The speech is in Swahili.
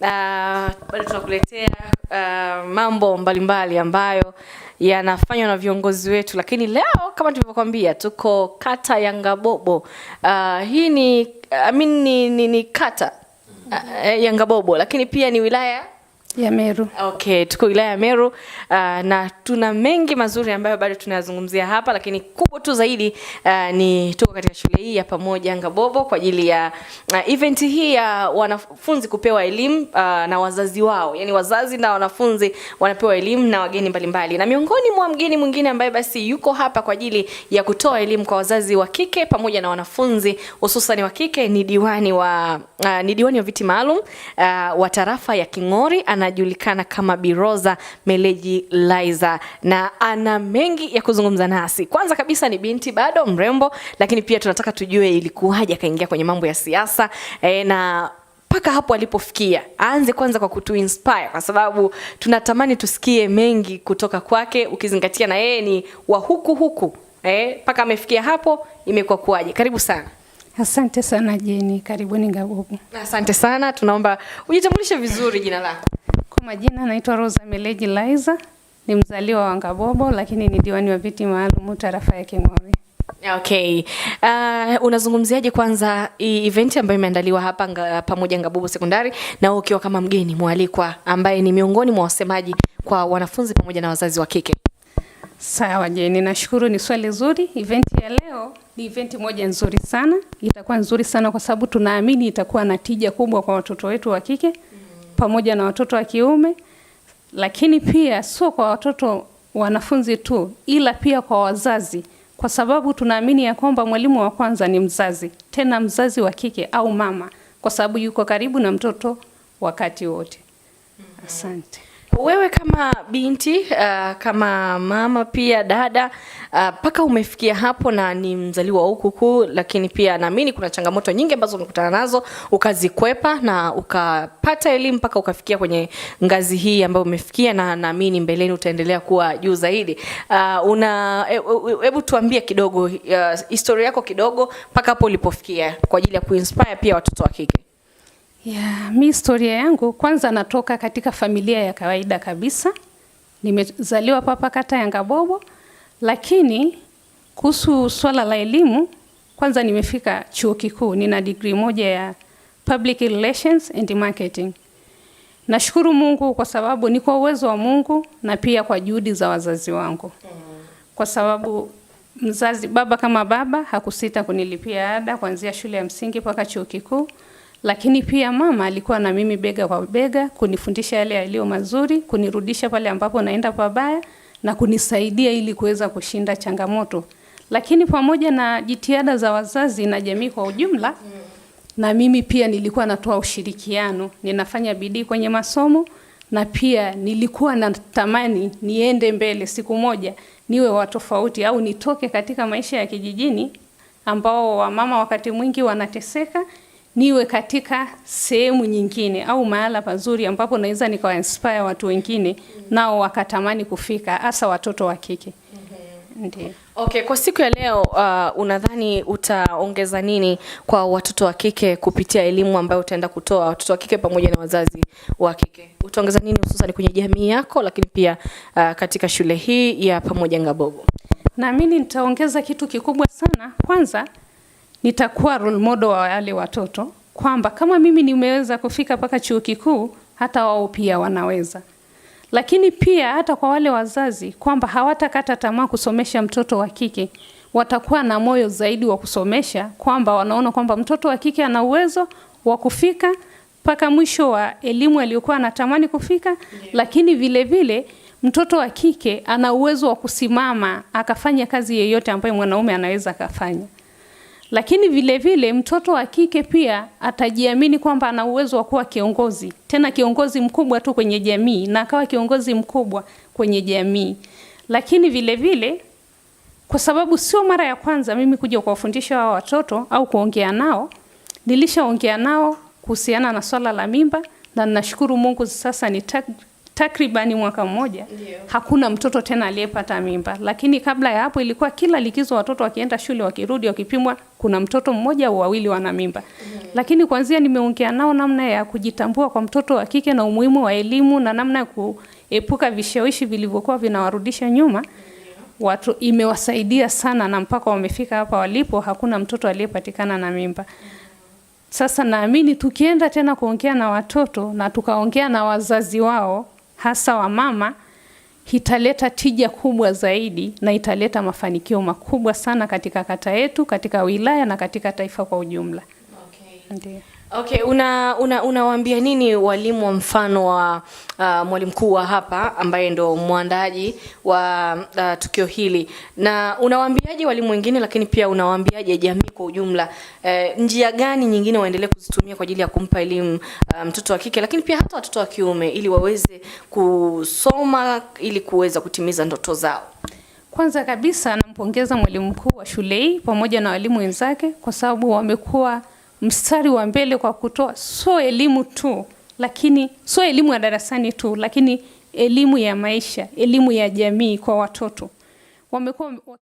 bado tunakuletea uh, mambo mbalimbali mbali ambayo yanafanywa na viongozi wetu, lakini leo kama tulivyokuambia, tuko kata ya Ngabobo. Uh, hii ni, I mean, ni, ni, ni kata uh, ya Ngabobo, lakini pia ni wilaya ya Meru. Okay, tuko wilaya ya Meru uh, na tuna mengi mazuri ambayo bado tunayazungumzia hapa, lakini kubwa tu zaidi uh, ni tuko katika shule hii ya Pamoja Ngabobo kwa ajili ya uh, event hii ya wanafunzi kupewa elimu uh, na wazazi wao, yaani wazazi na wanafunzi wanapewa elimu na wageni mbalimbali, na miongoni mwa mgeni mwingine ambaye basi yuko hapa kwa ajili ya kutoa elimu kwa wazazi wa kike pamoja na wanafunzi hususan wa kike ni diwani wa uh, ni diwani wa viti maalum uh, wa tarafa ya King'ori ana anajulikana kama Biroza Meleji Liza na ana mengi ya kuzungumza nasi. Kwanza kabisa ni binti bado mrembo, lakini pia tunataka tujue ilikuwaje akaingia kwenye mambo ya siasa e, na mpaka hapo alipofikia. Aanze kwanza kwa kutu inspire kwa sababu tunatamani tusikie mengi kutoka kwake, ukizingatia na yeye ni wa huku huku eh, mpaka amefikia hapo, imekuwa kuwaje? Karibu sana. Asante sana Jeni, karibuni Ngabugu. Asante sana, tunaomba ujitambulishe vizuri jina lako. Majina naitwa Rosa Meleji Laiza, ni mzaliwa wa Ngabobo lakini ni diwani wa viti maalum tarafa ya King'owe. Okay. Uh, unazungumziaje kwanza event ambayo imeandaliwa hapa nga, pamoja Ngabobo Sekondari na wewe ukiwa kama mgeni mwalikwa ambaye ni miongoni mwa wasemaji kwa wanafunzi pamoja na wazazi wa kike? Sawa je ninashukuru Ni swali zuri. Event ya leo ni event moja nzuri sana, itakuwa nzuri sana kwa sababu tunaamini itakuwa na tija kubwa kwa watoto wetu wa kike pamoja na watoto wa kiume, lakini pia sio kwa watoto wanafunzi tu, ila pia kwa wazazi, kwa sababu tunaamini ya kwamba mwalimu wa kwanza ni mzazi, tena mzazi wa kike au mama, kwa sababu yuko karibu na mtoto wakati wote. Asante. Wewe kama binti uh, kama mama pia dada uh, mpaka uh, umefikia hapo na ni mzaliwa wa huku kuu, lakini pia naamini kuna changamoto nyingi ambazo umekutana nazo ukazikwepa na ukapata elimu mpaka ukafikia kwenye ngazi hii ambayo umefikia, na naamini mbeleni utaendelea kuwa juu zaidi. Uh, una e, e, e, hebu tuambie kidogo uh, historia yako kidogo mpaka hapo ulipofikia kwa ajili ya kuinspire pia watoto wa kike. Yeah, mi historia yangu kwanza natoka katika familia ya kawaida kabisa. Nimezaliwa papa kata ya Ngabobo, lakini kuhusu swala la elimu kwanza nimefika chuo kikuu, nina degree moja ya Public Relations and Marketing. Nashukuru Mungu kwa sababu ni kwa uwezo wa Mungu na pia kwa juhudi za wazazi wangu, kwa sababu mzazi baba kama baba hakusita kunilipia ada kuanzia shule ya msingi mpaka chuo kikuu lakini pia mama alikuwa na mimi bega kwa bega kunifundisha yale yaliyo mazuri, kunirudisha pale ambapo naenda pabaya na kunisaidia ili kuweza kushinda changamoto. Lakini pamoja na jitihada za wazazi na jamii kwa ujumla, na mimi pia nilikuwa natoa ushirikiano, ninafanya bidii kwenye masomo na pia nilikuwa natamani niende mbele siku moja niwe wa tofauti au nitoke katika maisha ya kijijini ambao wamama wakati mwingi wanateseka niwe katika sehemu nyingine au mahala pazuri ambapo naweza nikawa inspire watu wengine nao wakatamani kufika, hasa watoto wa kike. Ndiyo. Okay, kwa siku ya leo uh, unadhani utaongeza nini kwa watoto wa kike kupitia elimu ambayo utaenda kutoa watoto wa kike pamoja na wazazi wa kike? Utaongeza nini hususan kwenye jamii yako lakini pia uh, katika shule hii ya Pamoja Ngabogo? Naamini nitaongeza kitu kikubwa sana. Kwanza nitakuwa role model wa wale watoto kwamba kama mimi nimeweza kufika mpaka chuo kikuu, hata wao pia wanaweza. Lakini pia hata kwa wale wazazi kwamba hawatakata tamaa kusomesha mtoto wa kike, watakuwa na moyo zaidi wa kusomesha, kwamba wanaona kwamba mtoto wa kike ana uwezo wa kufika mpaka mwisho wa elimu aliyokuwa anatamani kufika yeah. Lakini vile vile mtoto wa kike ana uwezo wa kusimama akafanya kazi yeyote ambayo mwanaume anaweza akafanya. Lakini vile vile mtoto wa kike pia atajiamini kwamba ana uwezo wa kuwa kiongozi, tena kiongozi mkubwa tu kwenye jamii, na akawa kiongozi mkubwa kwenye jamii. Lakini vile vile, kwa sababu sio mara ya kwanza mimi kuja kuwafundisha wao watoto au kuongea nao, nilishaongea nao kuhusiana na swala la mimba, na ninashukuru Mungu sasa ni takribani mwaka mmoja yeah. Hakuna mtoto tena aliyepata mimba, lakini kabla ya hapo ilikuwa kila likizo watoto wakienda shule, wakirudi, wakipimwa, kuna mtoto mmoja au wawili wana mimba mm -hmm. Lakini kwanzia nimeongea nao namna ya kujitambua kwa mtoto wa kike na umuhimu wa elimu na namna ya kuepuka vishawishi vilivyokuwa vinawarudisha nyuma watu imewasaidia sana, na mpaka wamefika hapa walipo, hakuna mtoto aliyepatikana na mimba. Sasa naamini tukienda tena kuongea na watoto na tukaongea na wazazi wao hasa wamama, italeta tija kubwa zaidi na italeta mafanikio makubwa sana katika kata yetu, katika wilaya na katika taifa kwa ujumla. Okay. Ndiyo. Okay, unawaambia una, una nini walimu wa mfano wa uh, mwalimu mkuu wa hapa ambaye ndo mwandaji wa uh, tukio hili na unawaambiaje walimu wengine, lakini pia unawaambiaje jamii kwa ujumla, eh, njia gani nyingine waendelee kuzitumia kwa ajili ya kumpa elimu uh, mtoto wa kike, lakini pia hata watoto wa kiume ili waweze kusoma ili kuweza kutimiza ndoto zao? Kwanza kabisa nampongeza mwalimu mkuu wa shule hii pamoja na walimu wenzake kwa sababu wamekuwa mstari wa mbele kwa kutoa sio elimu tu, lakini sio elimu ya darasani tu, lakini elimu ya maisha, elimu ya jamii kwa watoto wamekuwa